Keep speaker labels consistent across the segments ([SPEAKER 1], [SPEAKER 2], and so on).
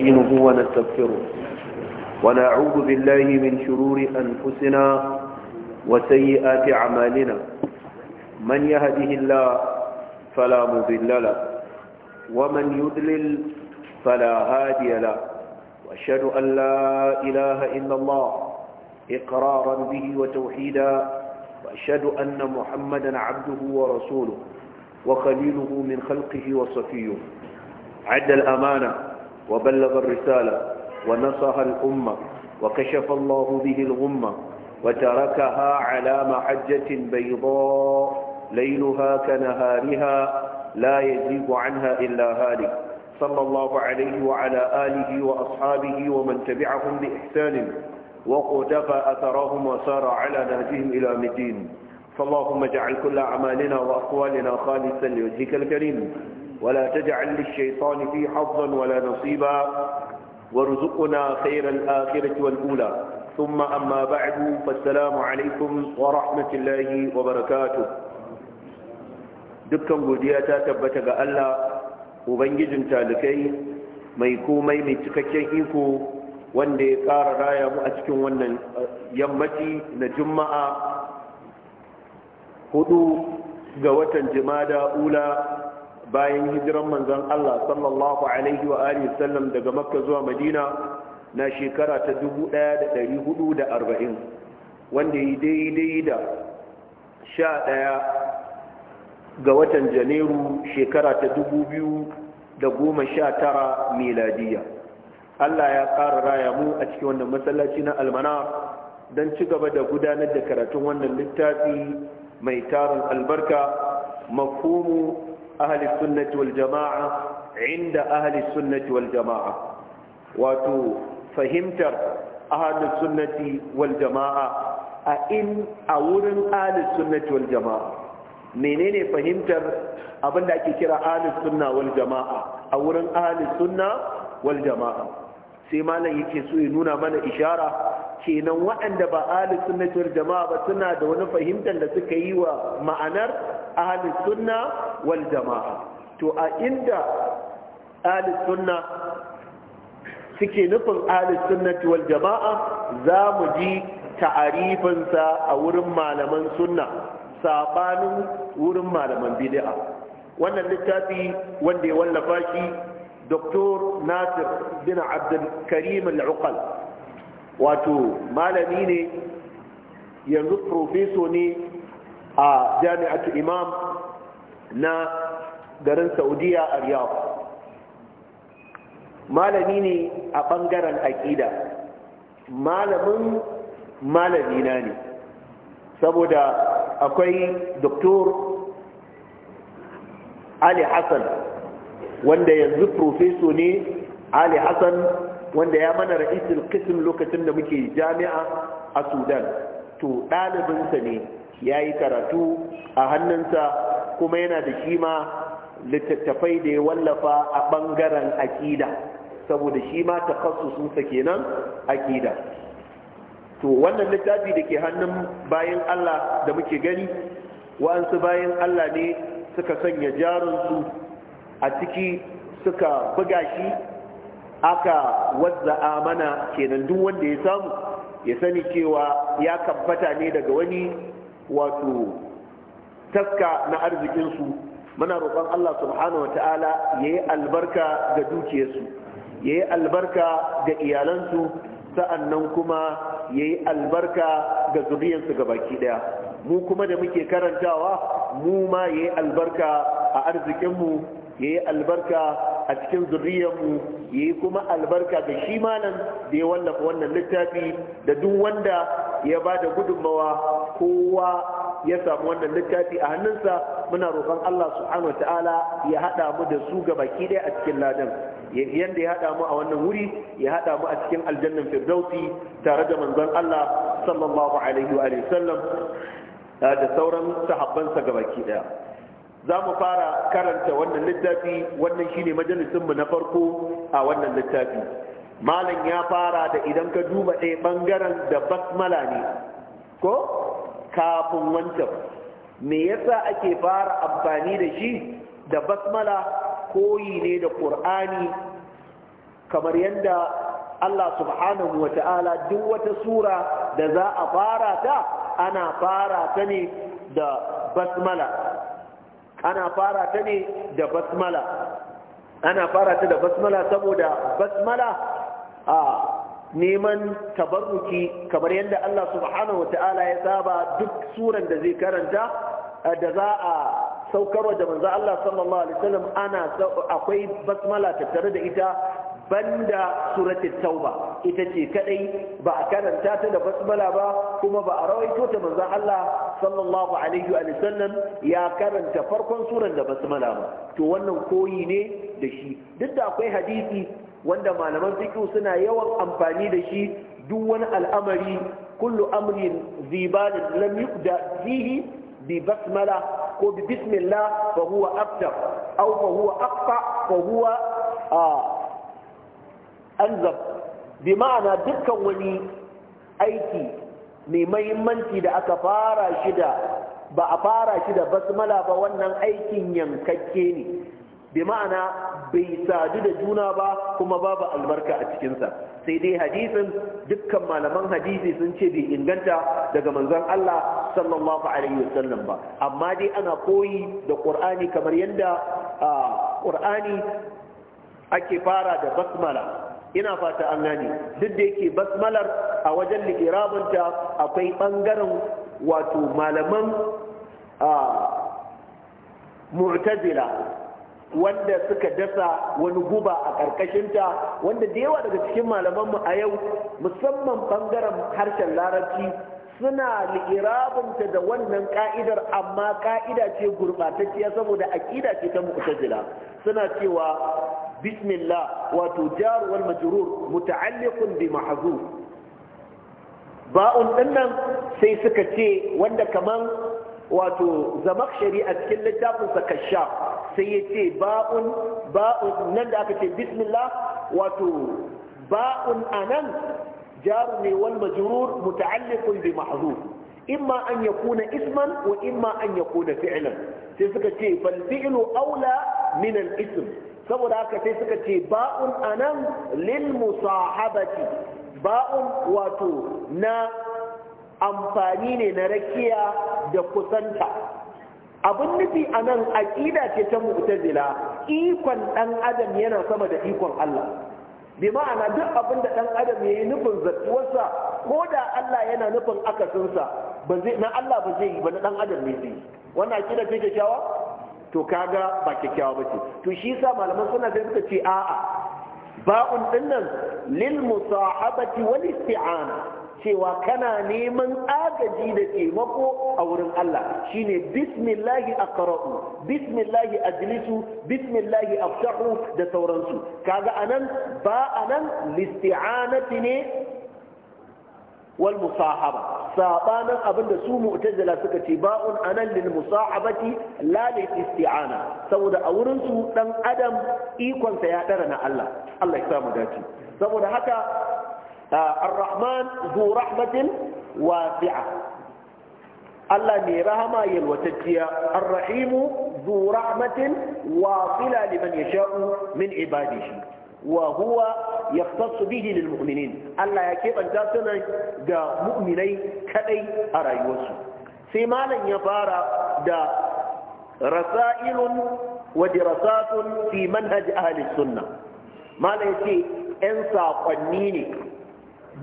[SPEAKER 1] نستعينه ونستغفره ونعوذ بالله من شرور أنفسنا وسيئات أعمالنا من يهده الله فلا مضل له ومن يضلل فلا هادي له وأشهد أن لا إله إلا الله إقرارا به وتوحيدا وأشهد أن محمدا عبده ورسوله وخليله من خلقه وصفيه عد الأمانة وبلغ الرسالة ونصح الأمة وكشف الله به الغمة وتركها على محجة بيضاء ليلها كنهارها لا يزيغ عنها إلا هالك صلى الله عليه وعلى آله وأصحابه ومن تبعهم بإحسان وقتفى أثرهم وسار على نهجهم إلى مدين فاللهم اجعل كل أعمالنا وأقوالنا خالصا لوجهك الكريم ولا تجعل للشيطان في حظا ولا نصيبا وارزقنا خير الآخرة والأولى ثم أما بعد فالسلام عليكم ورحمة الله وبركاته دكا قدياتا تبتغ ألا وبنجز تالكي ميكومي متككيكو wanda ya ƙara raya mu a cikin wannan yammaci na juma'a hudu ga watan jimada ula bayan hijiran manzon Allah sallallahu alaihi wa alihi sallam daga makka zuwa madina na shekara ta 1440 wanda yi daidai da 11 ga watan janairu shekara ta 2019 miladiya Allah ya ƙara raya mu a cikin wannan masallaci na almana don ci gaba da gudanar da karatun wannan littafi mai tarin albarka mafhumu ahli sunnati wal jama'a inda ahli sunnati wal jama'a wato fahimtar ahli sunnati wal jama'a a in a wurin ahli sunnati wal jama'a menene fahimtar abin da ake kira ahli sunna wal jama'a a wurin ahli sunna wal jama'a sai malam yake so ya nuna mana ishara kenan waɗanda ba ahli sunna wal jama'a ba suna da wani fahimtar da suka yi wa ma'anar ahli sunna wal jama'a to a inda ahli suke nufin ahli sunna wal jama'a za mu ji ta'arifinsa a wurin malaman sunna sabanin wurin malaman bid'a wannan littafi wanda ya wallafa shi Dr. Nasir bin Abdul Karim Al-Uqal wato malami ne yanzu profeso ne a jami'atu imam na garin saudiya a riyadh malami ne a bangaren aƙida malamin malamina ne saboda akwai doktor ali hassan wanda yanzu profeso ne ali hassan wanda ya mana ra'isul qism lokacin da muke jami'a a Sudan to ɗalibinsa ne ya yi karatu a hannunsa kuma yana da shi ma littattafai da ya wallafa a ɓangaren aƙida saboda shi ma takassusunsa kenan aƙida to wannan littafi da ke hannun bayan Allah da muke gani wa'ansu bayan Allah ne suka sanya jarinsu a ciki suka buga shi aka wazza'a mana kenan duk wanda ya samu ya sani cewa ya kabbata ne daga wani wato taska na arzikinsu muna roƙon Allah subhanahu wata'ala ya yi albarka ga dukiyarsu ya yi albarka ga iyalansu sa'annan kuma ya yi albarka ga zuriyarsu ga baki ɗaya mu kuma da muke karantawa mu ma ya yi albarka a arzikinmu yayi albarka a cikin zuriyarmu yayi kuma albarka ga shi malam da ya wallafa wannan littafi da duk wanda ya ba da gudunmawa kowa ya samu wannan littafi a hannunsa muna roƙon Allah subhanahu ta'ala ya haɗa mu da su gabaki ɗaya a cikin ladan yadda ya haɗa mu a wannan wuri ya haɗa mu a cikin aljannan firdausi tare da manzon Allah sallallahu alaihi wa sallam da sauran sahabbansa gabaki ɗaya za mu fara karanta wannan littafi wannan shine majalisunmu na farko a wannan littafi malam ya fara da idan ka duba ɗaya ɓangaren da basmala ne ko kafin wancan me yasa ake fara amfani da shi da basmala koyi ne da ƙur'ani kamar yadda Allah subhanahu wa ta'ala duk wata sura da za a fara ta ana fara ta ne da basmala ana fara ta ne da basmala ana fara ta da basmala saboda basmala a neman tabarruki kamar yadda Allah subhanahu wa ta'ala ya saba duk suran da zai karanta da za a saukarwa da manzo Allah sallallahu alaihi wasallam ana akwai basmala tattare da ita banda suratul tauba ita ce kadai ba a karanta ta da basmala ba kuma ba a rawaito ta manzon Allah sallallahu alaihi wa sallam ya karanta farkon suran da basmala ba to wannan koyi ne da shi duk da akwai hadisi wanda malaman fiqh suna yawan amfani da shi duk wani al'amari kullu amrin zibalin lam yuqda fihi bi basmala ko bi bismillah fa huwa aftar aw fa huwa fa huwa ah, anzab bi ma'ana dukkan wani aiki mai mahimmanci da aka fara shi da ba a fara shi da basmala ba wannan aikin yankakke ne bi ma'ana bai sadu da juna ba kuma babu albarka a cikinsa sai dai hadisin dukkan malaman hadisi sun ce bai inganta daga manzon Allah sallallahu alaihi wasallam ba amma dai ana koyi da Qur'ani kamar yadda ah, Qur'ani ake fara da basmala ina fata an gane duk da yake basmalar a wajen likirabinta akwai ɓangaren wato malaman mu'tazila wanda suka dasa wani guba a ƙarƙashinta wanda da yawa daga cikin mu a yau musamman ɓangaren harshen larabci suna li'irabinta da wannan ka'idar amma ka'ida ce gurɓatacciya saboda aƙida ce ta mu'tazila suna cewa bismillah wato jar wal majrur muta'alliqun bi mahzuf ba'un dinnan sai suka ce wanda kaman wato zamakshari a cikin littafinsa sha sai ya ce ba'un ba'un nan da aka ce bismillah wato ba'un anan jaru ne wal majrur muta'alliqun bi mahzuf imma an yakuna isman wa imma sai suka ce fal fi'lu aula min ism saboda haka sai suka ce ba'un anan lil musahabati ba'un wato na amfani ne na rakiya da kusanta abin nufi a nan aƙida ce ta mu'tazila ikon ɗan adam yana sama da ikon Allah bi ma'ana duk abin da ɗan adam ya yi nufin zartuwarsa ko da Allah yana nufin akasinsa na Allah ba zai yi ba na ɗan adam ne zai wannan aƙida ce kyakkyawa to kaga ba kyakkyawa bace to shi yasa malaman suna sai suka ce a'a ba'un dinnan lil musahabati wal isti'ana cewa kana neman agaji da taimako a wurin Allah shine bismillahi aqra'u bismillahi ajlisu bismillahi aftahu da sauransu kaga anan ba anan listi'anati ne wal musahaba sabanin abin da su mu'tazila suka ce ba'un anan lil musahabati la lil isti'ana saboda a wurin su dan adam ikon sa ya dara na Allah Allah ya sa mu dace saboda haka ar-rahman zu rahmatin wasi'a Allah mai rahama yalwatacciya ar-rahimu zu rahmatin wasila liman yasha'u min ibadihi wa huwa yaftasu bihi lil mu'minin Allah ya keɓanta suna ga mu'minai kaɗai a rayuwarsu sai malam ya fara da rasailun wa dirasatun fi manhaj ahli sunna malam yace yan saƙonni ne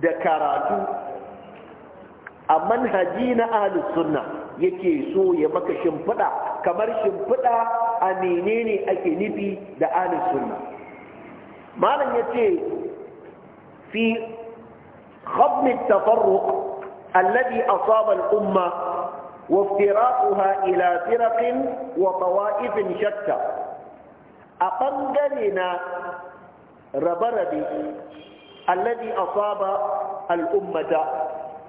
[SPEAKER 1] da karatu a manhaji na ahli sunna yake so ya maka shimfiɗa kamar shimfiɗa a menene ake nufi da ahli sunna معنى ان يتي في خضم التفرق الذي اصاب الامه وافتراقها الى فرق وطوائف شتى اقنجلنا ربربي الذي اصاب الامه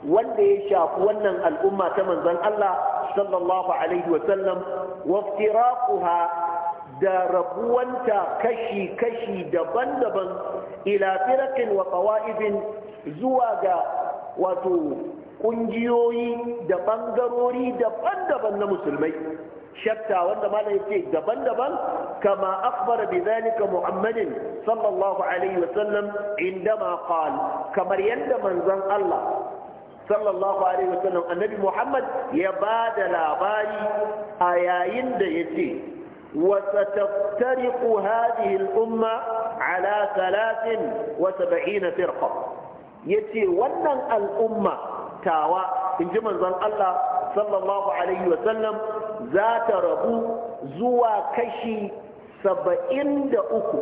[SPEAKER 1] والذي شاف ونن الامه كما الله صلى الله عليه وسلم وافتراقها da rabuwanta kashi-kashi daban-daban ila firakin wa kawa'ibin zuwa ga wato ƙungiyoyi da ɓangarori daban-daban na musulmai shatta wanda mana ce daban-daban kama akbara bi zalika muhammadin sallallahu alaihi wasallam indama qal kamar yadda manzon Allah sallallahu alaihi wasallam annabi muhammad ya bada labari a yayin da yace وستفترق هذه الأمة على ثلاث وسبعين فرقة يتي ونن الأمة تاوى إن جمع الله صلى الله عليه وسلم ذات ربو زوى كشي سبعين دأكو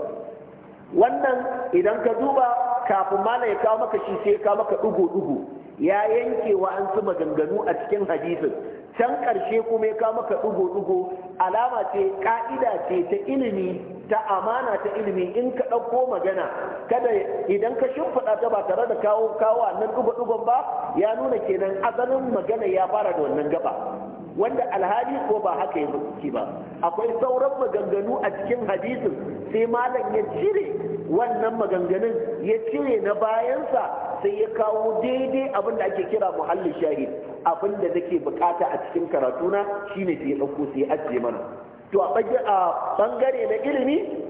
[SPEAKER 1] wannan idan ka duba kafin mala ya kawo maka shi sai ya kawo maka dugu dugu ya yanke wa an su maganganu a cikin hadisin can ƙarshe kuma ya maka ɗugo-ɗugo alama ce ƙa'ida ce ta ilimi ta amana ta ilimi in ka ɗauko magana kada idan ka shimfiɗa ta ba tare da kawo kawo nan ɗugo-ɗugon ba ya nuna kenan asalin magana ya fara da wannan gaba wanda alhali ko ba haka ya zuci ba akwai sauran maganganu a cikin hadisin sai malam ya cire wannan maganganun ya cire na bayansa sai ya kawo daidai abin da ake kira muhallin shahid abin da nake bukata a cikin karatuna shine sai ya ɗauko sai ya ajiye mana to a bangare na ilimi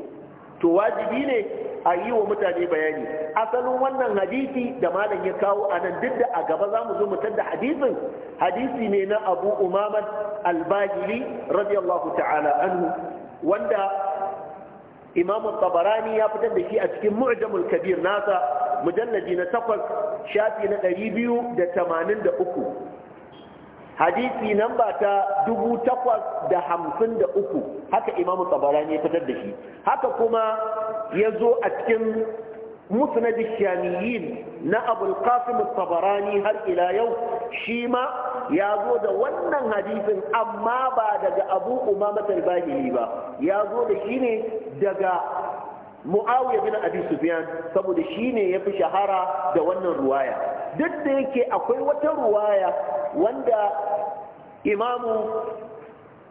[SPEAKER 1] to wajibi ne a yi wa mutane bayani asalin wannan hadisi da malam ya kawo a nan duk da a gaba za mu zo mu tadda hadisin hadisi ne na abu umaman albahili radiyallahu ta'ala anhu wanda imam tabarani ya fitar da shi a cikin mu'jamul kabir nasa mujallaji na takwas shafi na ɗari biyu da tamanin da uku hadisi namba ta dubu takwas da hamsin da uku haka imamu tabarani ya fitar da shi haka kuma ya zo a cikin musnad shamiyin na abul qasim tabarani har ila yau shi ma ya zo da wannan hadisin amma ba daga abu umama talbahili ba ya zo da shi ne daga muawiya bin abi sufyan saboda shi ne ya fi shahara da wannan ruwaya duk da yake akwai wata ruwaya wanda imamu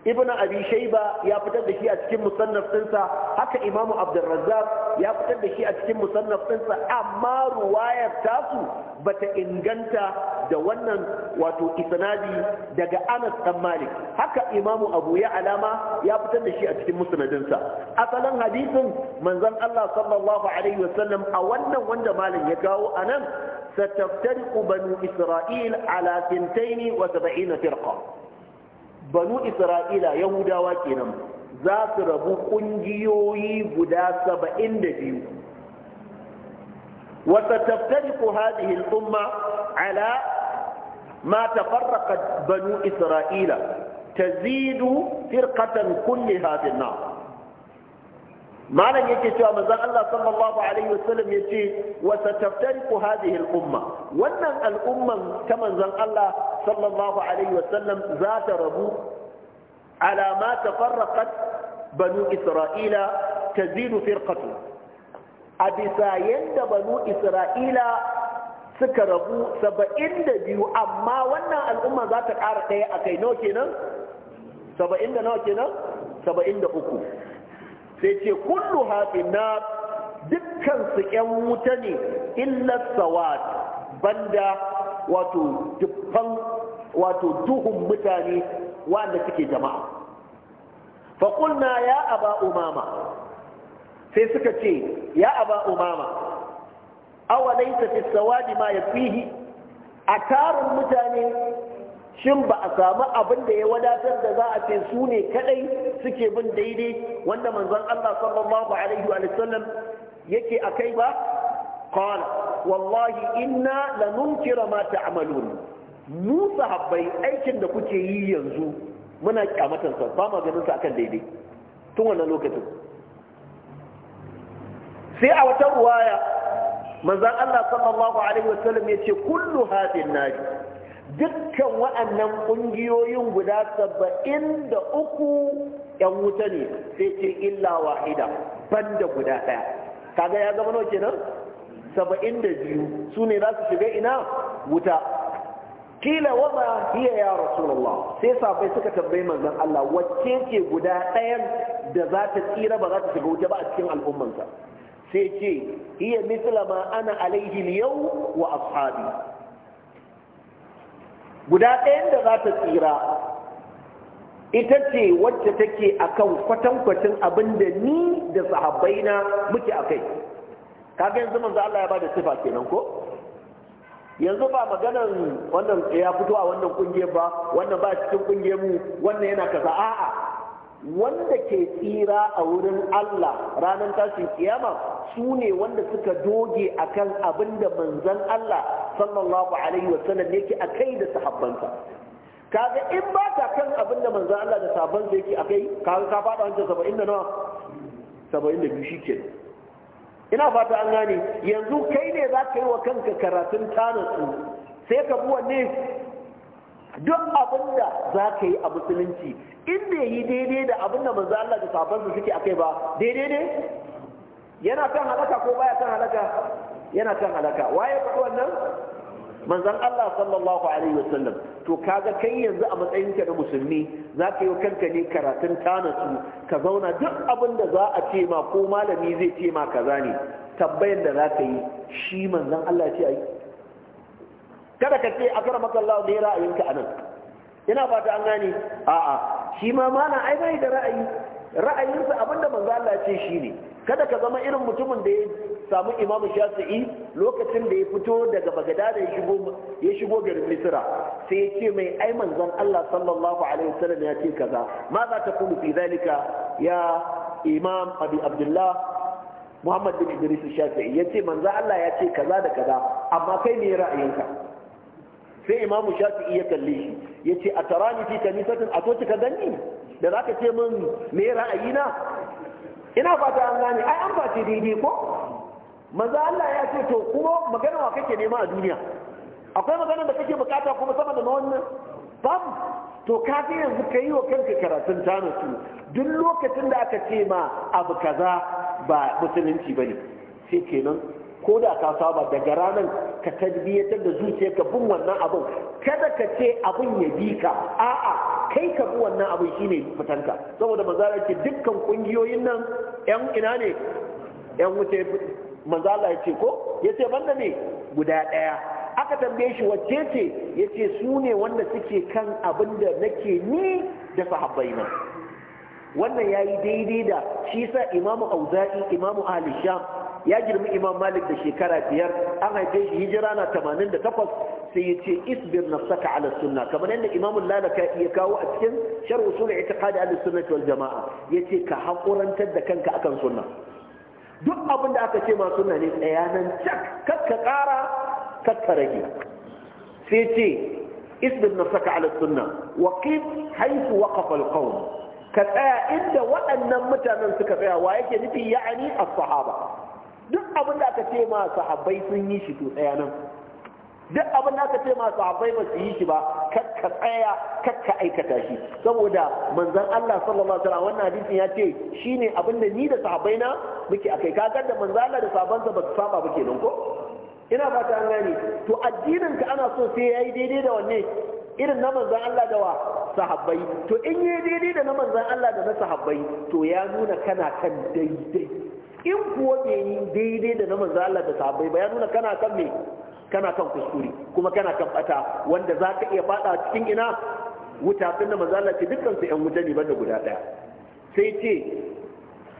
[SPEAKER 1] ibn abi shayba ya fitar da shi a cikin musannaf ɗinsa haka imamu abdurrazzaq ya fitar da shi a cikin musannaf ɗinsa amma ruwayar tasu bata inganta da wannan wato isnadi daga Anas dan Malik haka imamu Abu ya alama ya fitar da shi a cikin musnadinsa asalin hadisin manzon Allah sallallahu alaihi wasallam a wannan wanda malam ya kawo anan ستفترق بنو إسرائيل على 72 فرقة banu isra'ila yahudawa kenan za su rabu ƙungiyoyi guda saba'in da biyu وستفترق هذه الأمة على ما تفرقت بنو إسرائيل تزيد فرقة كلها في النار malam yake cewa manzon Allah sallallahu alaihi wasallam yace wa sataftariqu hadhihi al-umma wannan al'umman ta manzon Allah sallallahu alaihi wasallam za ta rabu ala ma tafarraqat banu isra'ila tazidu firqatu a bisa banu isra'ila suka rabu saba'in da biyu amma wannan al'umma za ta ƙara kai a kai nawa kenan saba'in da nawa kenan saba'in da uku sai ce kullu hafi na dukkan su ƴan wuta ne illa sawat banda wato dukkan wato duhun mutane wanda suke jama'a fa ya aba umama sai suka ce ya aba umama awalaita fi sawadi ma yakfihi a tarin mutane shin ba a samu abin da ya wadatar da za a ce su ne kadai suke bin daidai wanda manzon Allah sallallahu alaihi wa sallam yake akai ba qala wallahi inna lanunkira ma ta'malun mu sahabbai aikin da kuke yi yanzu muna kyamatar sa ba ma ganin sa akan daidai tun wannan lokacin sai a wata ruwaya manzon Allah sallallahu alaihi wa sallam yace kullu hadin naji dukkan waɗannan ƙungiyoyin guda saba'in da uku ‘yan wuta ne sai ce illa wahida ban da guda ɗaya kaga ya zama nawa kenan saba'in da biyu su ne za su shiga ina wuta kila wama hiya ya rasulullah sai safai suka tambayi manzon Allah wacce ce guda ɗayan da za ta tsira ba za ta shiga wuta ba a cikin al'ummansa sai ce hiya misla ma ana alaihi yau wa ashabi guda ɗayan da za ta tsira ita ce wacce take akan kwatankwacin abin da ni da sahabbaina muke a kai kaga yanzu manzo Allah ya bada sifa kenan ko yanzu ba maganar wannan ya fito a wannan kungiyar ba wannan ba cikin kungiyar mu wannan yana kaza a'a wanda ke tsira a wurin Allah ranar tashin kiyama su ne wanda suka doge akan abin da manzon Allah sallallahu alaihi wasallam yake a kai da sahabbansa kaga in ba ta kan abin da manzo Allah da sahabbansa yake a kai kaga ka fada wancan saba'in da nawa saba'in da biyu ke. ina fata an gane yanzu kai ne za ka yi wa kanka karatun su? sai ka bi wanne duk abin da za ka yi a musulunci in da yi daidai da abin da manzo Allah da sahabbansa suke kai ba daidai ne yana kan halaka ko baya kan halaka yana kan halaka waye faɗi wannan manzon Allah sallallahu alaihi wasallam to kaga kai yanzu a ka na musulmi za ka yi kanka ne karatun tanasu ka zauna duk abin da za a ce ma ko malami zai ce ma kaza ne tabbayin da za ka yi shi manzon Allah ce ai kada ka ce akramaka Allah ne ka anan ina fata an gane a'a shi ma mana ai bai da ra'ayi ra'ayinsa abinda manzo Allah ce shine kada ka zama irin mutumin da ya samu Imamu shafi'i lokacin da ya fito daga bagadada ya shigo ya shigo garin Misira, sai ya ce mai ai manzon Allah sallallahu alaihi wasallam ya ce kaza ma za ta kulu fi zalika ya imam abi abdullah muhammad bin idris shafi'i ya ce manzon Allah ya ce kaza da kaza amma kai ne ra'ayinka sai imamu shafi'i ya kalle shi ya ce a tarani fi kanisatin a to ka gani da za ka ce min me ra'ayina ina fata an gane ai an face daidai ko maza Allah ya ce to kuma magana wa kake nema a duniya akwai magana da kake bukata kuma sama da wannan bam to ka yanzu ka yi wa kanka karatun tana su duk lokacin da aka ce ma abu kaza ba musulunci ba ne sai kenan ko da ka saba daga ranar ka tarbiyyatar da zuciya ka bin wannan abin kada ka ce abin ya bi ka a'a kai ka bi wannan abin shine fitanka saboda manzala ce dukkan kungiyoyin nan yan ina ne yan wuce manzala ya ce ko ya ce banda ne guda ɗaya aka tambaye shi wacce ce ya ce su ne wanda suke kan abin da nake ni da sahabbai na wannan ya yi daidai da shi sa imamu auza'i imamu ahli sham ya girmi imam malik da shekara biyar an haife shi hijira na tamanin da takwas sai ya ce isbir nafsaka ala sunna kamar yadda imam lalaka ya kawo a cikin shar usul i'tiqadi ala sunnati wal jama'a yace ka hakurantar da kanka akan sunna duk abin da aka ce ma sunna ne nan cak kakka kara kakka rage sai ce isbir nafsaka ala sunna waqif haythu waqafa al ka tsaya inda waɗannan mutanen suka tsaya wa yake nufi ya'ani as-sahaba duk abin da aka ce ma sahabbai sun yi shi to tsaya nan duk abin da aka ce ma sahabbai ba su yi shi ba kakka tsaya kakka aikata shi saboda manzon Allah sallallahu alaihi wasallam wannan hadisin ya ce shine abin da ni da sahabbai na muke akai kagar da manzon Allah da sahabbansa ba su saba ba kenan ko ina ta an gani to addinin ka ana so sai yayi daidai da wanne irin na manzon Allah da wa sahabbai to in yayi daidai da na manzon Allah da na sahabbai to ya nuna kana kan daidai in kuwa bai yi daidai da na manzo Allah da sahabbai ba ya nuna kana kan me kana kan kuskure kuma kana kan bata wanda za ka iya fada cikin ina wuta tun da manzo Allah ce dukkan su ƴan wuta ne banda guda ɗaya sai ce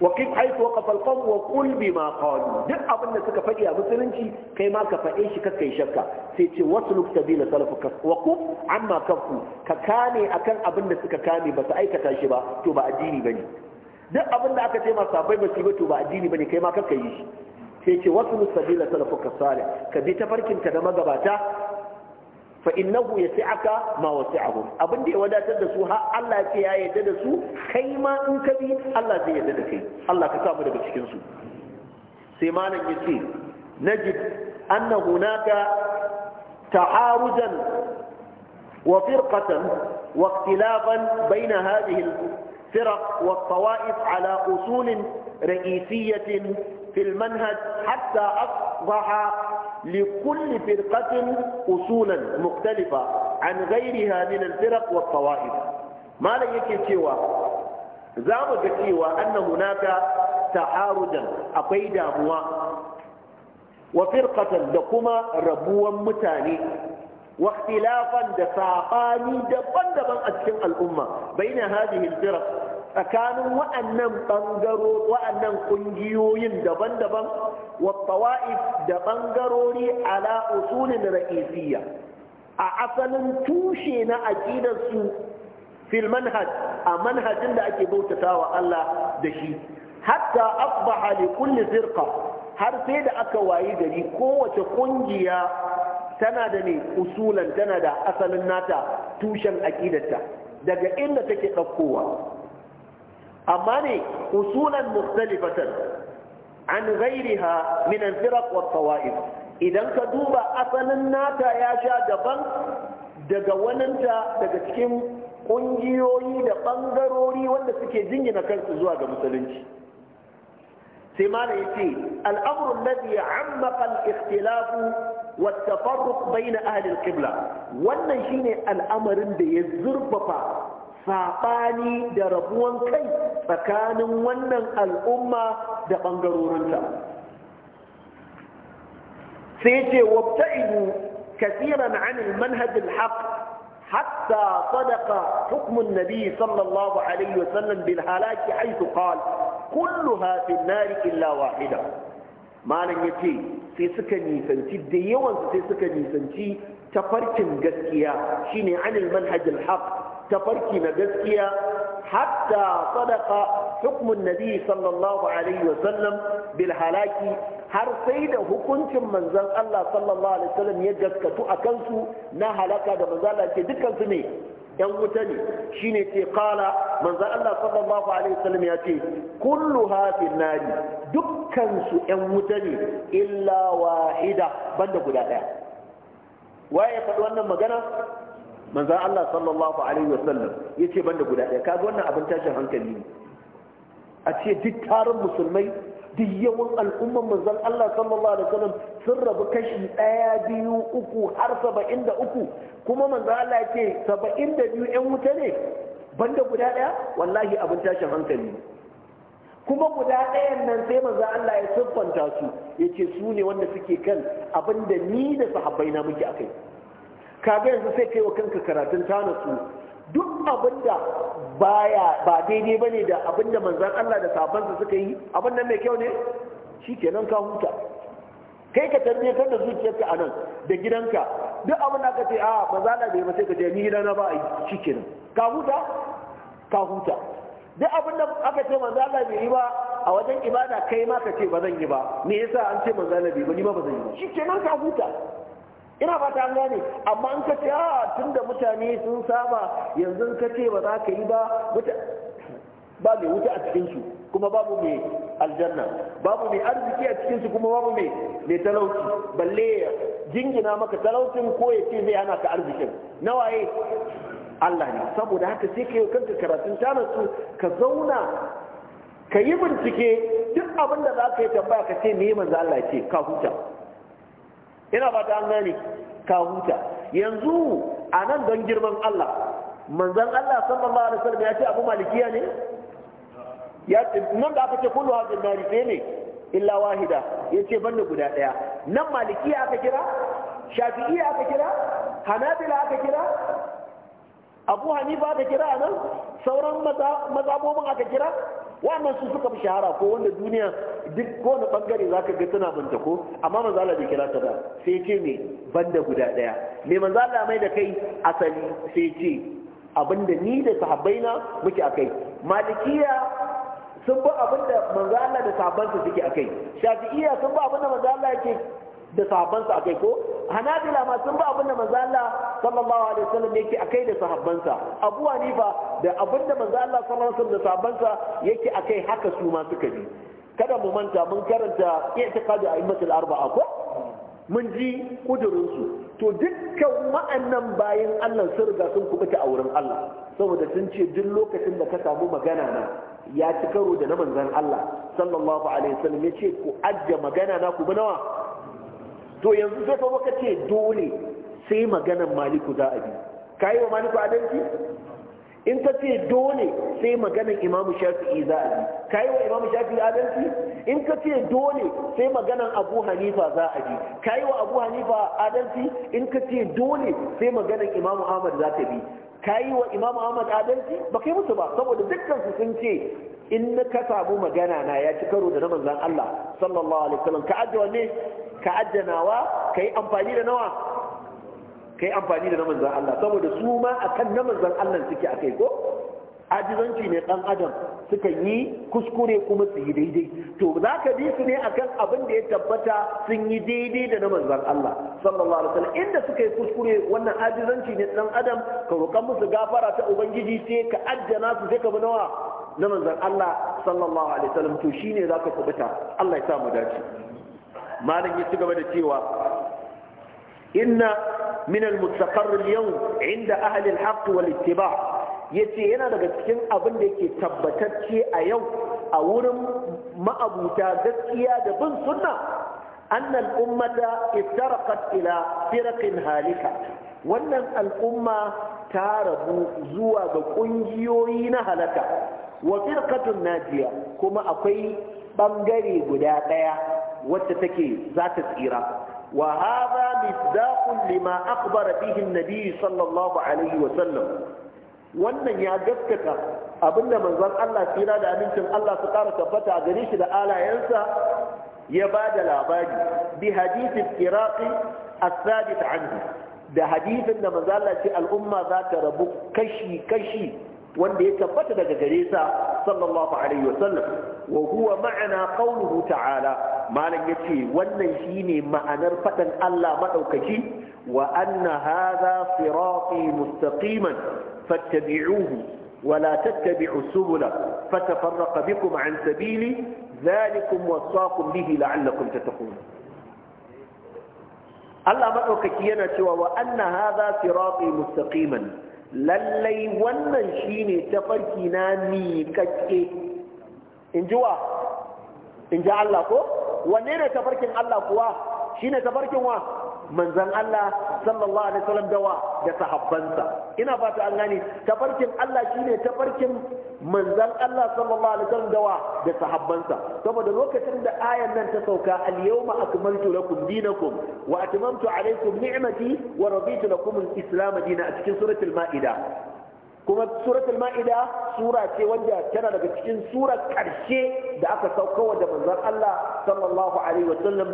[SPEAKER 1] wa kif haythu waqafa al-qawm wa qul bima qalu duk abin da suka faɗi a musulunci kai ma ka faɗe shi kakkai shakka sai ce wasu wasluk sabila salafuka wa quf amma kafu ka kame akan abin da suka kame ba su aikata shi ba to ba addini bane duk abin da aka ce ma sabai ba su ba to ba addini bane kai ma kanka yi shi sai ce wasu musabila salafu ka salih ka bi ta farkin ka da magabata fa innahu yasi'aka ma wasi'ahu abin da ya wadatar da su har Allah ya ce ya yarda da su kai ma in ka bi Allah zai yarda da kai Allah ka samu daga cikin su sai malam yace najid anna hunaka ta'arujan wa firqatan wa ikhtilafan بين hadhihi الفرق والطوائف على أصول رئيسية في المنهج حتى أصبح لكل فرقة أصولا مختلفة عن غيرها من الفرق والطوائف ما لا سوى زام سوى أن هناك تحارجا أقيدا هو وفرقة لكما ربوا متاني واختلافا دساقاني دبن دبن أتكم الأمة بين هذه الفرق فكانوا وأنم تنقروا وأنم قنجيوين دبن دبن والطوائف دبنقروني على أصول رئيسية أعصل توشينا أجينا سوء في المنهج المنهج اللي أجيبوت تاوى الله دشي حتى أصبح لكل فرقة har sai da aka wayi gari kowace kungiya tana da ne usulan tana da asalin nata tushen aƙidarta daga inda take ɗaukowa amma ne usulan mukhtalifatan an ghairiha min al-firaq wa tawaif idan ka duba asalin nata ya sha daban daga waninta daga cikin ƙungiyoyi da ɓangarori wanda suke jingina kansu zuwa ga musulunci ثمانيتي الأمر الذي عمق الاختلاف والتفرق بين أهل القبلة والنجين الأمر الذي يزربط فاباني دربوان كي فكان ونن الأمة دقنقرون انت سيجي وابتعد كثيرا عن المنهج الحق حتى صدق حكم النبي صلى الله عليه وسلم بالهلاك حيث قال Kullu Hafin nari illa wahida malam ce sai suka nisanci da yawan sai suka nisanci tafarkin gaskiya shine anil manhajin al-haq tafarki na gaskiya hatta sadaka hukmun nabi sallallahu alaihi Wasallam bil halaki har sai da hukuncin manzon Allah sallallahu alaihi Wasallam ya gaskatu a kansu na halaka da manzon Allah ce dukkan su ne yan wuta ne shine ce qala manzo Allah sallallahu alaihi wasallam ya ce kullu hafin nari dukkan su yan wuta ne illa wahida banda guda daya waye faɗi wannan magana manzo Allah sallallahu alaihi wasallam yace banda guda daya kaga wannan abin tashin hankali ne a ce duk tarin musulmai duk yawan al'umman manzon Allah sallallahu alaihi wasallam sun rabu kashi ɗaya biyu uku har saba'in da uku kuma manzon Allah ya ce saba'in da biyu ƴan wuta ne banda guda ɗaya wallahi abin tashin hankali kuma guda ɗayan nan sai manzon Allah ya siffanta su ya ce su ne wanda suke kan abin da ni da sahabbai na muke akai kaga yanzu sai kai wa kanka karatun tana su duk abinda baya ba daidai ba ne da abinda manzan Allah da sabansa suka yi abin nan mai kyau ne nan ka huta kai ka tarbiyyar da zuciyarka anan da gidanka duk abin da ah, ka ce a ba za na bai mace ka je ni gidana ba a nan ka huta ka huta duk abin da aka ce manzo Allah bai yi ba a wajen ibada kai ma ka ce ba zan yi ba me yasa an ce manzo na bai yi ba ni ma ba zan yi ba nan ka huta ina fata an gane amma an ka a ah, tun da mutane sun saba yanzu ka ce ba za ka yi ba ba mai wuta a cikinsu kuma babu mai aljanna babu mai arziki a cikinsu kuma babu mai mai talauci balle ya jingina maka talaucin ko ya ce zai hana ka arzikin nawaye Allah ne saboda haka sai ka yi kanka karatun su ka zauna ka yi bincike duk abin da za ka yi tambaya ka ce me manzo Allah ce ka huta ina ba ta an gani ka huta yanzu a nan don girman Allah manzan Allah sallallahu alaihi wasallam ya ce abu malikiya ne ya nan da aka ce kullu hadin nari sai ne illa wahida ya ce banda guda daya nan malikiya aka kira shafi'i aka kira hanabila aka kira abu hanifa aka kira nan sauran mazabobin aka kira wannan su suka fi shahara ko wanda duniya duk kowane bangare za ka ga suna banta ko amma manzo Allah bai kira ta ba sai ce me banda guda daya me manzo Allah mai da kai asali sai ce abinda ni da sahabbaina muke akai malikiya sun bi abinda manzo Allah da sahabbansa suke akai shafi'iya sun bi abinda manzo Allah yake da sahabbansa kai ko hanabila ma sun ba abinda da manzo Allah sallallahu alaihi wasallam yake akai da sahabbansa abu hanifa da abinda da manzo Allah sallallahu alaihi wasallam da sahabbansa yake akai haka su ma suka yi kada mu manta mun karanta i'tiqadu a'immatul arba'a ko mun ji kudurin su to dukkan ma'annan bayan Allah sun riga sun kubuta a wurin Allah saboda sun ce duk lokacin da ka samu magana na ya ci karo da na manzon Allah sallallahu alaihi wasallam yace ku ajja magana na ku bi nawa to yanzu sai fa baka ce dole sai maganan maliku za a bi ka yi wa maliku adalci in ka ce dole sai maganan imamu shafi'i za a bi ka yi wa imamu shafi'i adalci in ka ce dole sai maganan abu hanifa za a bi ka yi wa abu hanifa adalci in ka ce dole sai maganan imamu ahmad za ta bi ka yi wa imamu ahmad adalci ba kai musu ba saboda dukkan su sun ce in na ka samu magana na ya ci karo da na manzan Allah sallallahu alaihi wasallam ka addu'a ne ka ajjanawa ka yi amfani da nawa ka yi amfani da namazan Allah saboda su ma a kan namazan Allah suke a kai ko ajizanci ne ɗan adam suka yi kuskure kuma su yi daidai to za ka bi su ne akan abin da ya tabbata sun yi daidai da na manzan Allah sallallahu alaihi wasallam inda suka yi kuskure wannan ajizanci ne ɗan adam ka roƙa musu gafara ta ubangiji sai ka ajjana su sai ka bi nawa na manzan Allah sallallahu alaihi wasallam to shine ka kubuta Allah ya sa mu dace malam ya ci gaba da cewa inna min al-mustaqarr al 'inda ahli al-haqq wal yace yana daga cikin abin da yake tabbatacce a yau a wurin ma'abuta gaskiya da bin sunna an al'umma da iftaraqat ila firaqin halika wannan al'umma ta rabu zuwa ga ƙungiyoyi na halaka wa firqatun najiya kuma akwai ɓangare guda ɗaya. wacce take za ta tsira wa hadha misdaqun lima akhbara bihi an-nabi sallallahu alaihi wa sallam wannan ya gaskata abinda manzon Allah tsira da amincin Allah su kara tabbata a gare shi da alayensa ya ba da labari bi hadithin iraqi as-sabit anhu da hadithin da manzon Allah ce al'umma za ta rabu kashi kashi wanda ya tabbata daga gare sa sallallahu alaihi wasallam wa huwa ma'ana qawluhu ta'ala malam ya ce wannan shine ma'anar faɗin Allah maɗaukaki wa anna wala sirati mustaqiman fattabi'uhu ولا تتبعوا السبل فتفرق بكم عن سبيلي ذلكم وصاكم به لعلكم تتقون Allah maɗaukaki yana cewa wa anna hadha sirati mustaqiman lallai wannan shine tafarki na miƙaƙƙe in ji wa in ji Allah ko wanne ne tafarkin Allah kuwa shine tafarkin wa manzan Allah sallallahu alaihi wasallam dawa da sahabbansa ina fata an gani tafarkin Allah shine tafarkin manzan Allah sallallahu alaihi wasallam dawa da sahabbansa saboda lokacin da ayan nan ta sauka al-yawma akmaltu lakum dinakum wa atmamtu alaykum ni'mati wa raditu lakum al-islam dinan a cikin suratul ma'ida kuma suratul ma'ida sura ce wanda tana daga cikin surar ƙarshe da aka saukowa da manzon Allah sallallahu alaihi wasallam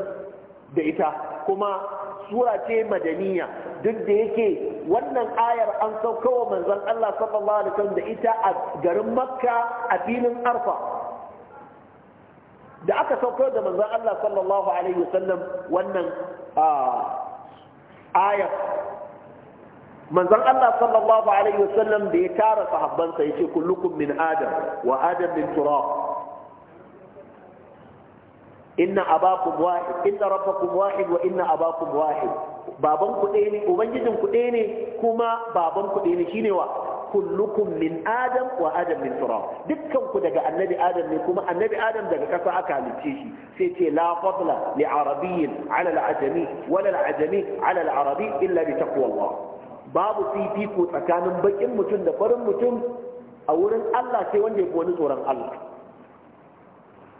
[SPEAKER 1] da ita kuma sura ce madaniya duk da yake wannan ayar an wa manzon Allah sallallahu alaihi wasallam da ita a garin Makka a filin Arfa da aka sauko da manzon Allah sallallahu alaihi wasallam wannan ah, ayar manzon Allah sallallahu alaihi wasallam da ya tara sahabbansa yace kullukum min adam wa adam min turab inna abakum wahid inna rabbakum wahid wa inna abakum wahid baban ku ɗaya ne ubangijin ku ɗaya ne kuma baban ku ɗaya ne shine wa kullukum min adam wa adam min turab dukkan ku daga annabi adam ne kuma annabi adam daga kasa aka halicce shi sai ce la fadla li arabiyyin ala al ajami wala al ajami ala al arabi illa bi taqwa babu fifiko tsakanin bakin mutum da farin mutum a wurin Allah sai wanda fi wani tsoron Allah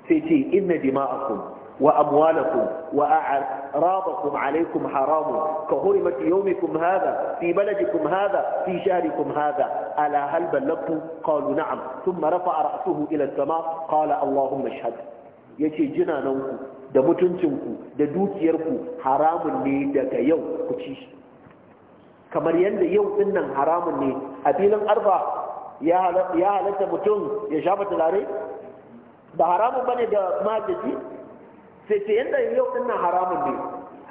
[SPEAKER 1] sai ce inna dima'akum wa amwalakum wa arabakum alaikum haramun ka hurimati yawmikum hadha fi baladikum hadha fi sharikum hadha ala hal ballagtu qalu na'am thumma rafa'a ra'suhu ila as-sama' qala allahumma ashhad yace jinananku da mutuncinku da dukiyarku haramun ne daga yau ku ci kamar yadda yau din nan haramun ne a filin arba ya halatta mutum ya shafa turare ba haramun bane da majaji sai ce yadda yau din nan haramun ne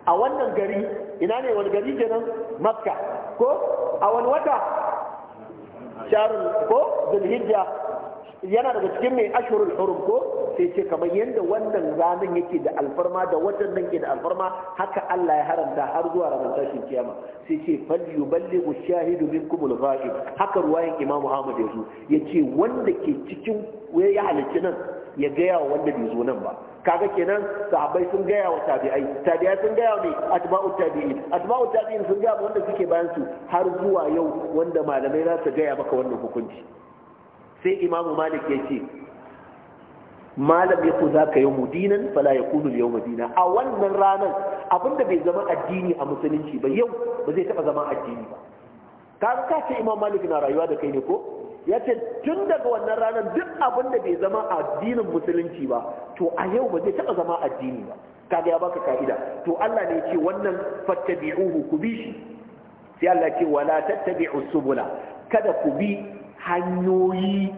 [SPEAKER 1] a wannan gari ina ne wani gari nan makka ko a wani wata sharon ko zulhijja yana daga cikin mai ashirin hurum ko sai ce kamar yadda wannan ranar yake da alfarma da watan nan ke da alfarma haka Allah ya haramta har zuwa ranar tashin kiyama sai ce fal yuballighu shahidu minkum al-ghaib haka ruwayan Imam Ahmad ya zo yace wanda ke cikin ya halicci nan ya gaya wa wanda bai zo nan ba kaga kenan sahabbai sun gaya wa tabi'ai tabi'ai sun gaya ne atba'u tabi'in atba'u tabi'in sun gaya wanda suke bayan su har zuwa yau wanda malamai za su gaya maka wannan hukunci sai imamu malik ya ce malam ya za ka yau mudinan fala ya kunu yau madina a wannan ranar abinda bai zama addini a musulunci ba yau ba zai taɓa zama addini ba ka ka ce imam malik na rayuwa da kai ne ko ya ce tun daga wannan ranar duk abin da bai zama addinin musulunci ba to a yau ba zai taɓa zama addini ba kaga ya baka ka'ida to Allah ne ya ce wannan fattabi'uhu ku bi shi sai Allah ce wala tattabi'u subula kada ku bi hanyoyi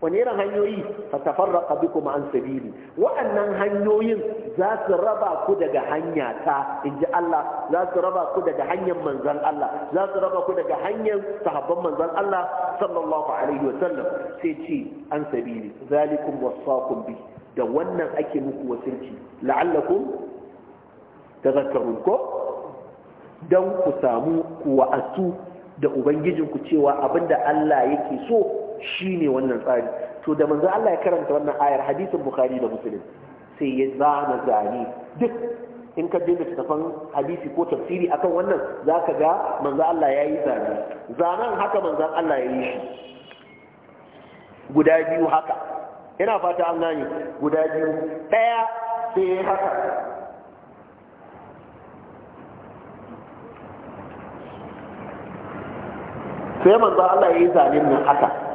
[SPEAKER 1] wani irin hanyoyi fatafarraqa bikum an sabili waɗannan hanyoyin za su raba ku daga hanya ta inji Allah za su raba ku daga hanyar manzan Allah za su raba ku daga hanyar sahabban manzan Allah sallallahu alaihi wa sallam sai ce an sabili zalikum wasaqum bi da wannan ake muku wasirci la'allakum tadhakkarun ko dan ku samu ku wa'asu da ubangijinku cewa abinda Allah yake so Shi ne wannan tsari to da manzo Allah ya karanta wannan ayar hadisin bukhari da muslim sai ya zana zani duk in ka dinga tafan hadisi ko tafsiri akan wannan zaka ga manzo Allah ya yi zane zanen haka manzo Allah ya yi shi guda biyu haka ina fata an gane guda biyu daya sai haka sai manzo Allah ya yi zanen nan haka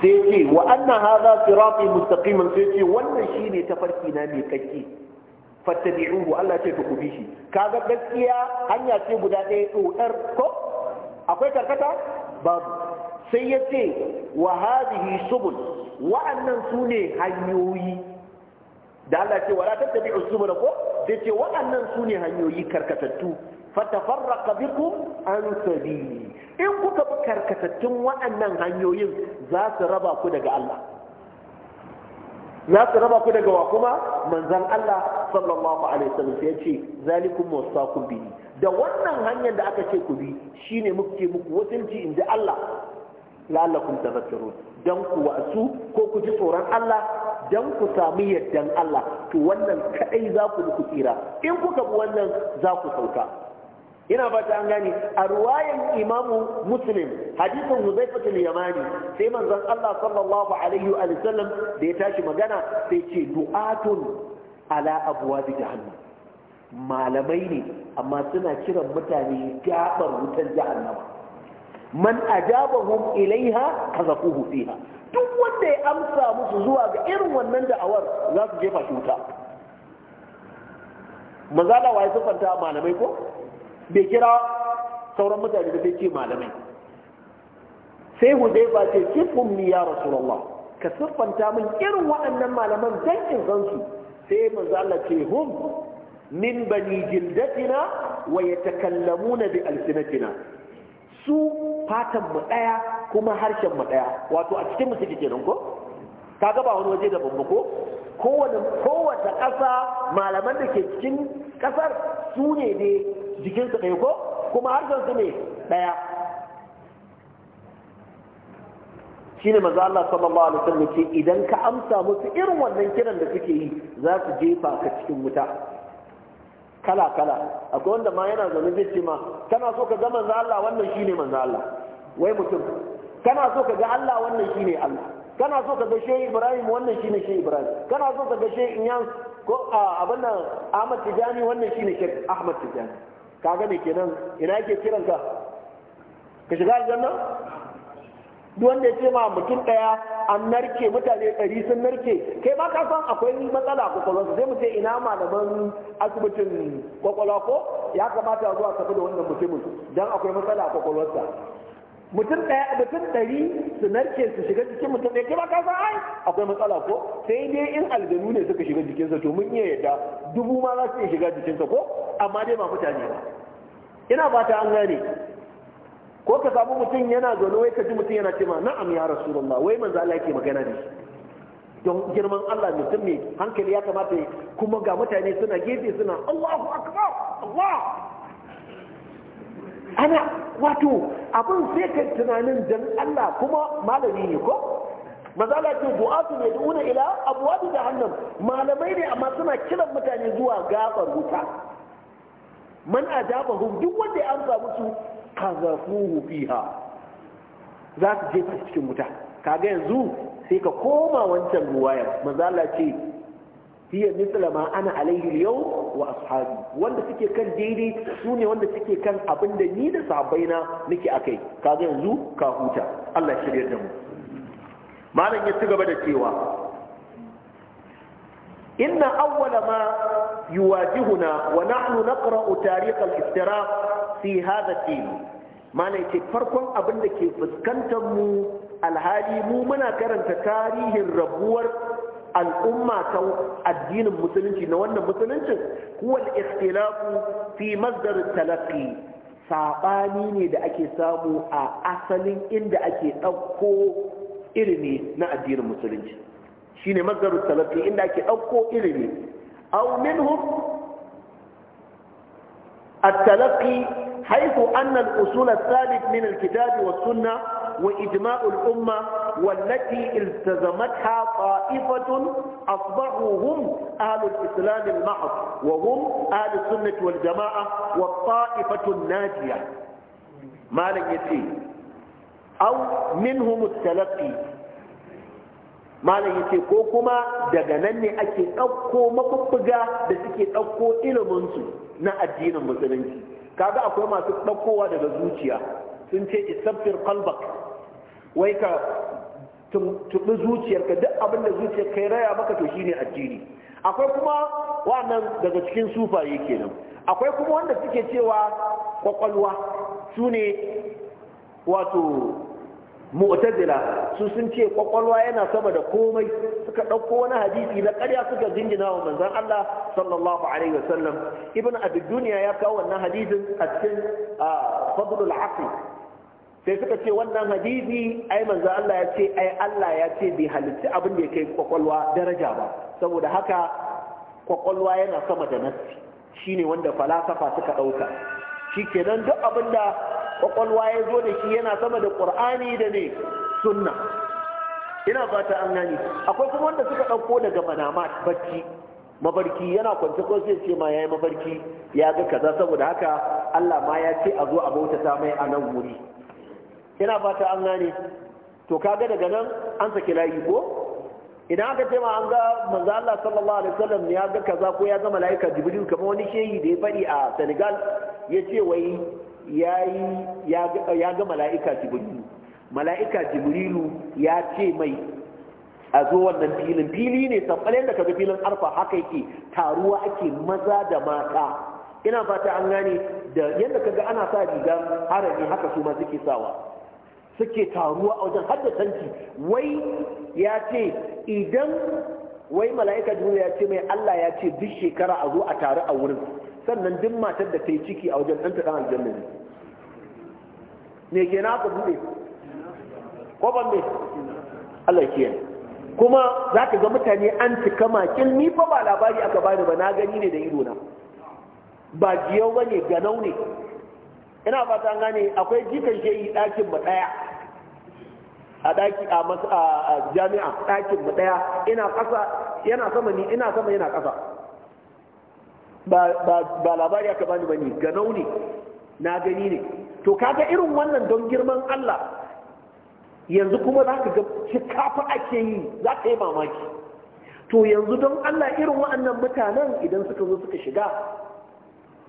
[SPEAKER 1] sai ce wa anna hadha sirati mustaqiman sai ce wannan shi ne ta farki na mai kakki fattabi'uhu Allah ce ku bi shi kaga gaskiya hanya ce guda ɗaya dodar ko akwai karkata babu sai ya ce wa hadhihi subul wa'annan ne hanyoyi da Allah ce wala tattabi'u subul ko sai ce wa'annan su ne hanyoyi karkatattu fatafarraqa bikum an sabili in kuka bi karkatattun waɗannan hanyoyin za su raba ku daga Allah za su raba ku daga wa kuma manzan Allah sallallahu alaihi wasallam ya ce zalikum wasaqu bi da wannan hanyar da aka ce ku bi shine muke muku in ji Allah la'allakum tadhakkarun dan ku wasu ko ku ji tsoron Allah dan ku samu yardan Allah to wannan kaɗai za ku ku tsira in kuka bi wannan za ku sauka ina ba ta an gani a ruwayan imamu muslim hadisin huzaifatul yamani sai manzon Allah sallallahu alaihi wa sallam da ya tashi magana sai ce du'atun ala abwabi jahannam malamai ne amma suna kiran mutane gabar wutar jahannama man ajabahum ilaiha kazafuhu fiha duk wanda ya amsa musu zuwa ga irin wannan da'awar za su jefa shi wuta da wa ya fanta malamai ko bai kira sauran mutane da ce malamai sai hudaifa ce kifin ni ya rasulullah ka siffanta min irin waɗannan malaman dan in san su sai manzo Allah ce hum min bani jildatina wa yatakallamuna bi alsinatina su fatan mu daya kuma harshen mu daya wato a cikin mu suke kenan ko kaga ba wani waje da ba ko kowane kowace ƙasa malaman da ke cikin ƙasar su ne ne jikinsu ɗaya ko kuma harshen su ne ɗaya shi ne maza Allah sallallahu alaihi wasallam ce idan ka amsa musu irin wannan kiran da suke yi za su jefa ka cikin wuta kala kala akwai wanda ma yana zaune zai ce ma kana so ka ga manzo Allah wannan shine manzo Allah wai mutum kana so ka ga Allah wannan shine Allah kana so ka ga shehu ibrahim wannan shi ne shehu ibrahim kana so ka ga shehu inyan ko abin nan ahmad tijani wannan shi ne shehu ahmad tijani ka gane ke kenan ina yake kiran ka ka shiga aljanna duk wanda ya ce ma mutum daya an narke mutane ɗari sun narke kai ba ka san akwai matsala a kwakwalwa sai mu ce ina malaman asibitin kwakwalwa ko ya kamata zuwa tafi da wannan mutumin dan akwai matsala a kwakwalwarsa mutum ɗaya mutum ɗari su narke su shiga jikin mutum ɗaya kai ba ka san ai akwai matsala ko sai dai in aljanu ne suka shiga jikinsa to mun iya yadda dubu ma za su iya shiga jikinsa ko amma dai ba mutane ba ina ba ta an gane ko ka samu mutum yana zaune wai ka ji mutum yana cewa na'am ya rasulullah wai manzo Allah yake magana da shi don girman Allah mutum ne hankali ya kamata kuma ga mutane suna gefe suna Allahu akbar Allah ana wato abin sai ka tunanin dan Allah kuma malami ne ko mazala ce du'atu ne du'una ila abwab jahannam malamai ne amma suna kiran mutane zuwa gabar wuta man ajabahum duk wanda ya amsa musu kazafuhu fiha za su jefa cikin wuta kaga yanzu sai ka koma wancan ruwaya mazala ce hiya misla ma ana alaihi yau wa ashabi wanda suke kan daidai su wanda suke kan abinda ni da sahabbaina nake akai kaga yanzu ka huta Allah ya shirya da mu malam ya ci gaba da cewa inna awwala ma yuwajihuna wa nahnu naqra'u tarikh al-iftiraq fi hadha din malam ce farkon abin da ke fuskantar mu alhali mu muna karanta tarihin rabuwar al'umma ta addinin musulunci na wannan musuluncin huwa al-ikhtilafu fi masdar talaqi sabani ne da ake samu a asalin inda ake ɗauko ilimi na addinin musulunci shine masdar talaqi inda ake ɗauko ilimi aw minhum at talaqi haythu anna al-usul ath-thalith min al-kitab wa sunnah وإجماع الأمة والتي التزمتها طائفة أصبحوا هم أهل الإسلام المحض وهم أهل السنة والجماعة والطائفة الناجية ما لن يتي أو منهم التلقي malam ya ce ko kuma daga nan ne ake ɗauko mafuffuga da suke ɗauko iliminsu na addinin musulunci kaga akwai masu ɗaukowa daga zuciya sun ce isabtir qalbak wai ka tuɓi zuciyarka duk abin da zuciyar kai raya maka to shi shine addini akwai kuma wannan daga cikin sufaye kenan akwai kuma wanda suke cewa kwakwalwa su ne wato mu'tazila su sun ce kwakwalwa yana sama da komai suka ɗauko wani hadisi na ƙarya suka jingina wa manzon Allah sallallahu alaihi wasallam ibn abi duniya ya kawo wannan hadisin a cikin ah, fadlul aqli sai suka ce wannan hadisi ai manzo Allah ya ce ai Allah ya ce bai halitta abin da ya kai kwakwalwa daraja ba saboda haka kwakwalwa yana sama da nassi shine wanda falsafa suka dauka shikenan duk abin da kwakwalwa ya zo da shi yana sama da qur'ani da ne sunna ina fata an gani akwai kuma wanda suka dauko daga manama bacci mabarki yana kwance ko sai ce ma yayi mabarki ya ga kaza saboda haka Allah ma ya ce a zo a ta mai a nan wuri ina fata an gane to kaga daga nan an saki layi ko idan aka ce ma an ga manzo Allah sallallahu alaihi wasallam ya ga kaza ko ya ga malaika jibril kamar wani shehi da ya fadi a Senegal ya ce wai yayi ya ga malaika jibril malaika jibrilu ya ce mai a zo wannan filin fili ne tabbalin da kaga filin arfa haka yake taruwa ake maza da mata ina fata an gane da yadda kaga ana sa rigar harami haka su ma suke sawa suke taruwa a wajen hadda tanki wai ya ce idan wai mala'ika jibril ya ce mai Allah ya ce duk shekara a zo a taru a wurin sannan duk matar da ta yi ciki a wajen ɗanta ɗan aljanna ne me ke na aka buɗe ko ban me Allah ke kuma za ka ga mutane an cika makin ni fa ba labari aka bani ba na gani ne da ido na ba jiyau ba ne ganau ne ina fata gane akwai jikan shehi ɗakin ba ɗaya a daki a jami'a dakin mu daya ina kasa yana sama ni ina sama yana kasa ba labari aka bani bani ga nauni na gani ne to kaga irin wannan don girman Allah yanzu kuma za ka ga kafa ake yi za ka yi mamaki to yanzu don Allah irin wa'annan mutanen idan suka zo suka shiga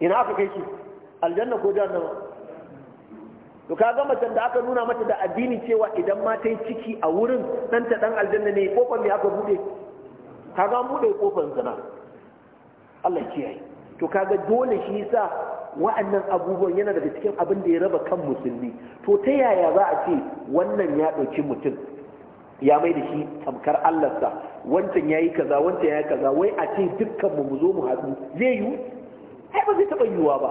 [SPEAKER 1] ina aka kai shi aljanna ko jahannama to kaga macen da aka nuna mata da addini cewa idan ma ciki a wurin dan ta dan aljanna ne kofar ne aka bude kaga bude kofar zina Allah kiyaye to ka ga dole shi yasa wa'annan abubuwan yana daga cikin abin da ya raba kan musulmi to ta yaya za a ce wannan ya dauki mutum ya mai da shi tamkar Allah sa wancan yayi kaza wancan yayi kaza wai a ce dukkan mu mu zo mu haɗu zai yiwu. ai ba zai taɓa yiwuwa ba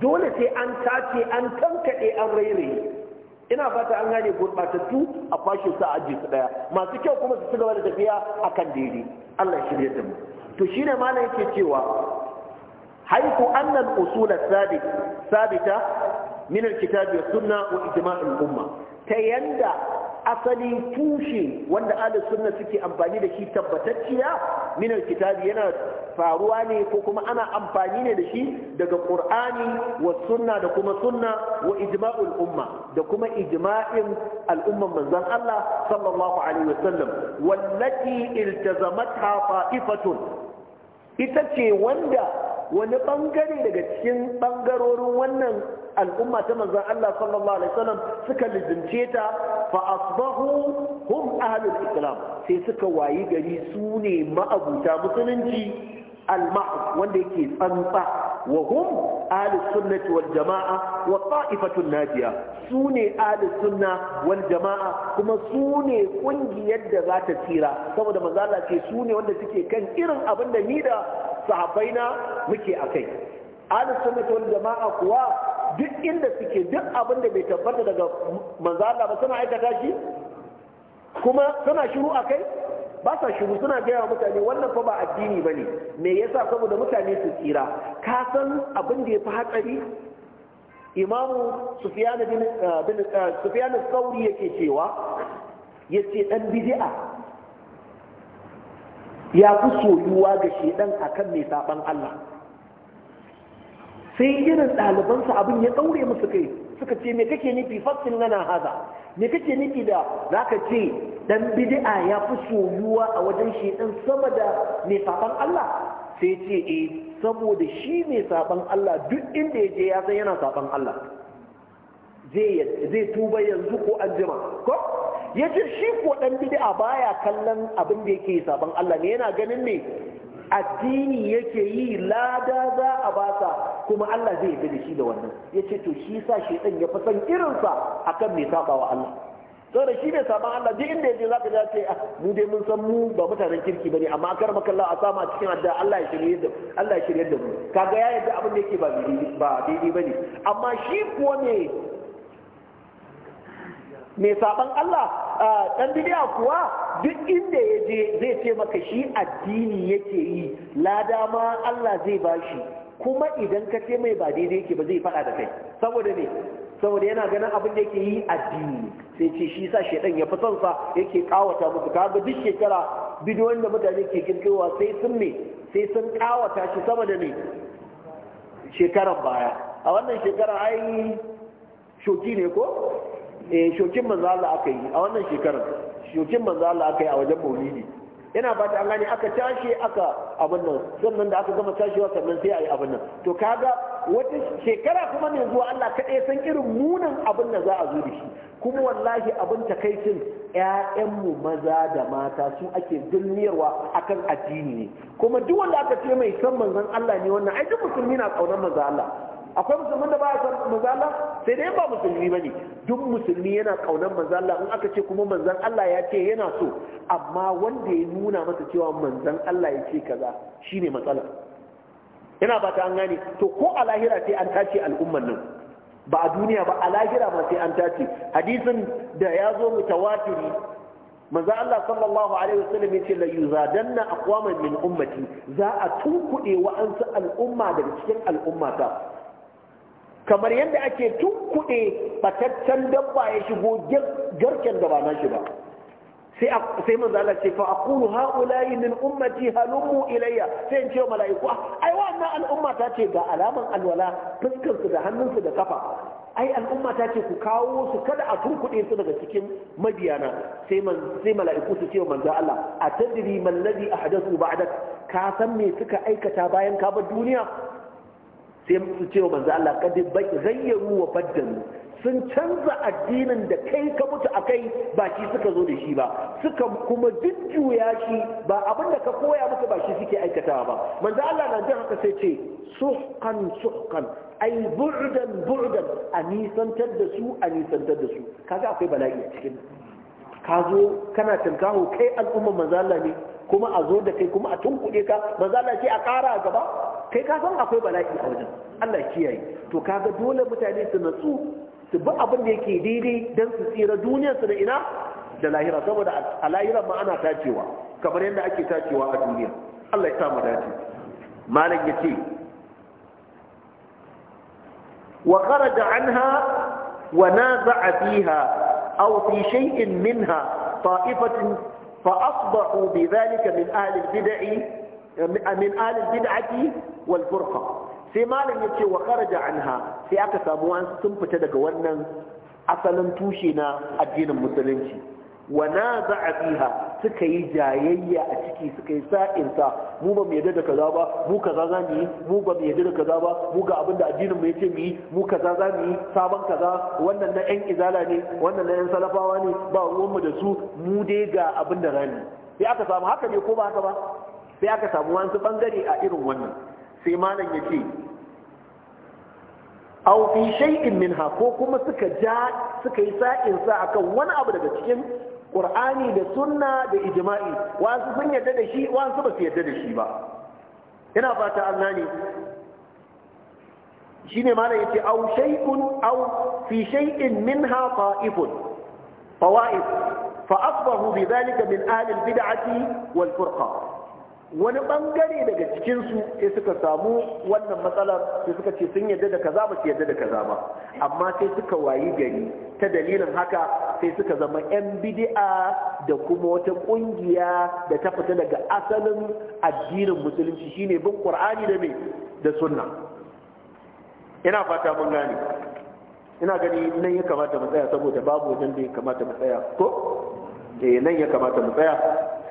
[SPEAKER 1] dole sai an tace an tankaɗe an rairaye ina fata an gane gurɓatattu a kwashe su a aji su ɗaya masu kyau kuma su ci gaba da tafiya a kan daidai Allah shirya da mu to ne malam yake cewa حيث أن الأصول الثابتة من الكتاب والسنة umma ta yanda. Asalin tushe wanda ahlus sunna suke amfani da shi tabbatacciya min alkitabi yana faruwa ne ko kuma ana amfani ne da shi daga qur'ani wa sunna da kuma sunna wa ijma'ul umma da kuma ijma'in al'umman manzon Allah sallallahu alaihi wasallam wallati iltazamatha fa'ifatun ita ce wanda wani bangare daga cikin bangarorin wannan al'umma ta manzan Allah sallallahu alaihi wasallam suka lizince ta fa asbahu hum ahlul islam sai suka wayi gari su ne ma'abuta musulunci al-mahd wanda yake tsantsa wa hum ahlus sunnati wal jama'a wa ta'ifatun najiya su ne ahlus sunna wal jama'a kuma su ne kungiyar da za ta tsira saboda manzo Allah ce su ne wanda suke kan irin abin da ni da sahabbaina muke akai ahlus sunnati wal jama'a kuwa duk inda suke duk abin da bai tabbata daga manzo Allah ba suna aikata shi kuma suna shiru akai ba sa shiru suna gaya wa mutane wannan fa ba addini ba ne. me yasa saboda mutane su tsira ka san abin da ya fi hatsari imamu sufyan eh, eh, sauri yake cewa ya ce ɗan bidi'a ya fi soyuwa ga shedan akan mai saɓan Allah sai irin ɗalibansa abin ya ɗaure musu kai suka ce me kake nufi fassin lana haza me kake nufi da za ka ce ɗan bid'a ya fi soyuwa a wajen shi ɗan sama da mai saban Allah sai ce eh saboda shi mai saban Allah duk inda ya je ya san yana saban Allah zai tuba yanzu ko an jima ko ya ce shi ko ɗan bid'a baya kallon abin da yake saban Allah ne yana ganin ne addini yake yi lada za a basa kuma Allah zai yarda da shi da wannan yace to shi sa shedan ya fi san irinsa akan mai saba wa Allah saboda shi mai saban Allah duk inda yaje zaka ga ce ah, mu dai mun san mu ba mutanen kirki bane amma kar makalla a sama cikin adda Allah ya shirye da Allah ya shirye da mu kaga ya yarda abin da yake ba ba daidai bane amma shi kuwa ne mai saban Allah dan bidiya kuwa duk inda ya je zai ce maka shi addini yake yi lada ma Allah zai bashi kuma idan ka ce mai ba daidai yake ba zai faɗa da kai saboda ne saboda yana ganin abin da yake yi addini sai ce shi sa shaidan ya fi son sa yake kawata musu kaga duk shekara bidiyon da mutane ke kirkirowa sai sun me sai sun kawata shi saboda da ne shekaran baya a wannan shekara ai shoki ne ko eh shokin manzo Allah aka yi a wannan shekarar shokin manzo Allah aka yi a wajen maulidi yana ba ta an aka tashi aka abin nan sannan da aka gama tashiwa sannan sai a abin nan to kaga wata shekara kuma ne zuwa Allah kaɗai san irin munin abin da za a zo da shi kuma wallahi abin takaicin mu maza da mata su ake zulmiyarwa akan addini ne kuma duk wanda aka ce mai san manzon Allah ne wannan ai duk musulmi na kaunar manzon Allah akwai musulmin da ba a san manzala sai dai ba musulmi bane duk musulmi yana kaunar manzala in aka ce kuma manzan Allah ya ce yana so amma wanda ya nuna masa cewa manzan Allah ya ce kaza shine matsala Ina ba ta an gane to ko a lahira sai an tace al'umman nan ba a duniya ba a lahira ma sai an tace hadisin da ya zo mutawatiri manzan Allah sallallahu alaihi wasallam yace la yuzadanna aqwaman min ummati za a tunkuɗe wa'ansu al'umma daga cikin al'ummata kamar yadda ake tunkuɗe fataccen dabba ya shigo garken da ba na shi ba sai manzo Allah ce fa aqulu haula'i min ummati halumu ilayya sai in ce wa mala'iku ah, ai wannan al'umma ta ce ga alaman alwala fuskar su da hannunsu da kafa ai al'umma ta ce ku kawo su kada a turkuɗe su daga cikin mabiyana sai sai mala'iku su ce wa manzo Allah atadri man ladhi ahdathu ba'dak ka san me suka aikata bayan ka bar duniya sai su ce wa manzo Allah kad zayyaru wa sun canza addinin da kai ka mutu a kai ba shi suka zo da shi ba suka kuma jujjuya shi ba abin da ka koya musu ba shi suke aikatawa ba manzo Allah na jin haka sai ce suhqan suhqan ai bu'dan bu'dan a nisantar da su a nisantar da su kaga akwai bala'i a cikin ka zo kana tinkaho kai al'umman manzo Allah ne kuma a zo da kai kuma a tunkuɗe ka manzo Allah ce a ƙara gaba kai ka san akwai bala'i a wajen Allah kiyaye to kaga dole mutane su natsu su bi abin da yake daidai don su tsira duniyar su da ina da lahira saboda a lahira ma ana tacewa kamar yadda ake tacewa a duniya Allah ya samu dace malam yace wa kharaja anha wa naza'a fiha aw fi shay'in minha ta'ifatin fa asbahu bidhalika min ahli al-bid'ah Amin alil bid'ati wal furqa sai malam yace wa karaja anha sai aka samu an sun fita daga wannan asalin tushe na addinin musulunci Wana za'a fiha suka yi jayayya a ciki suka yi sa'insa mu ba mu yadda da kaza ba mu kaza za mu yi mu ba mu yadda da kaza ba mu ga abin da addinin mu yace mu yi mu kaza za mu yi sabon kaza wannan na yan izala ne wannan na yan salafawa ne ba ruwan mu da su mu dai abin da rani sai aka samu haka ne ko ba haka ba sai aka samu wani bangare a irin wannan sai malam ya ce au fi shay'in minha ko kuma suka ja suka yi sa'in sa akan wani abu daga cikin qur'ani da sunna da ijma'i wasu sun yadda da shi wasu ba su yadda da shi ba ina fata an ne. shine malam yace aw shay'un fi shay'in minha ta'ifun fawa'id fa asbahu bidhalika min ahli al-bid'ati wal furqa wani bangare daga cikinsu sai suka samu wannan matsalar sai suka ce sun yadda da kaza ba su yadda da kaza ba amma sai suka wayi gari ta dalilin haka sai suka zama 'yan bidi'a da kuma wata kungiya da ta fita daga asalin addinin musulunci shine bin qur'ani da me da sunna ina fata mun gane ina gani nan ya kamata mu tsaya saboda babu wajen da ya kamata mu tsaya ko eh nan ya kamata mu tsaya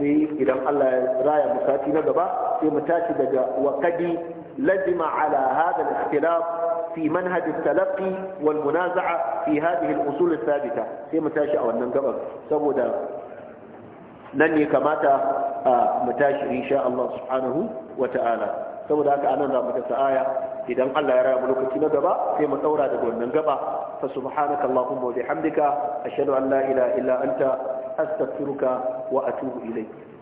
[SPEAKER 1] sai idan Allah ya raya bukati na gaba sai mu tashi daga waqadi lazima ala hadha al-ikhtilaf fi manhaj al-talaqqi wal munaza'a fi hadhihi al-usul al sai mu tashi a wannan gaban saboda nan ne kamata mu tashi insha Allah subhanahu saboda haka anan zamu mu ta aya idan Allah ya raya mu lokaci na gaba sai mu daura daga wannan gaba fa subhanaka allahumma wa bihamdika ashhadu an la ilaha illa anta astaghfiruka wa atubu ilayk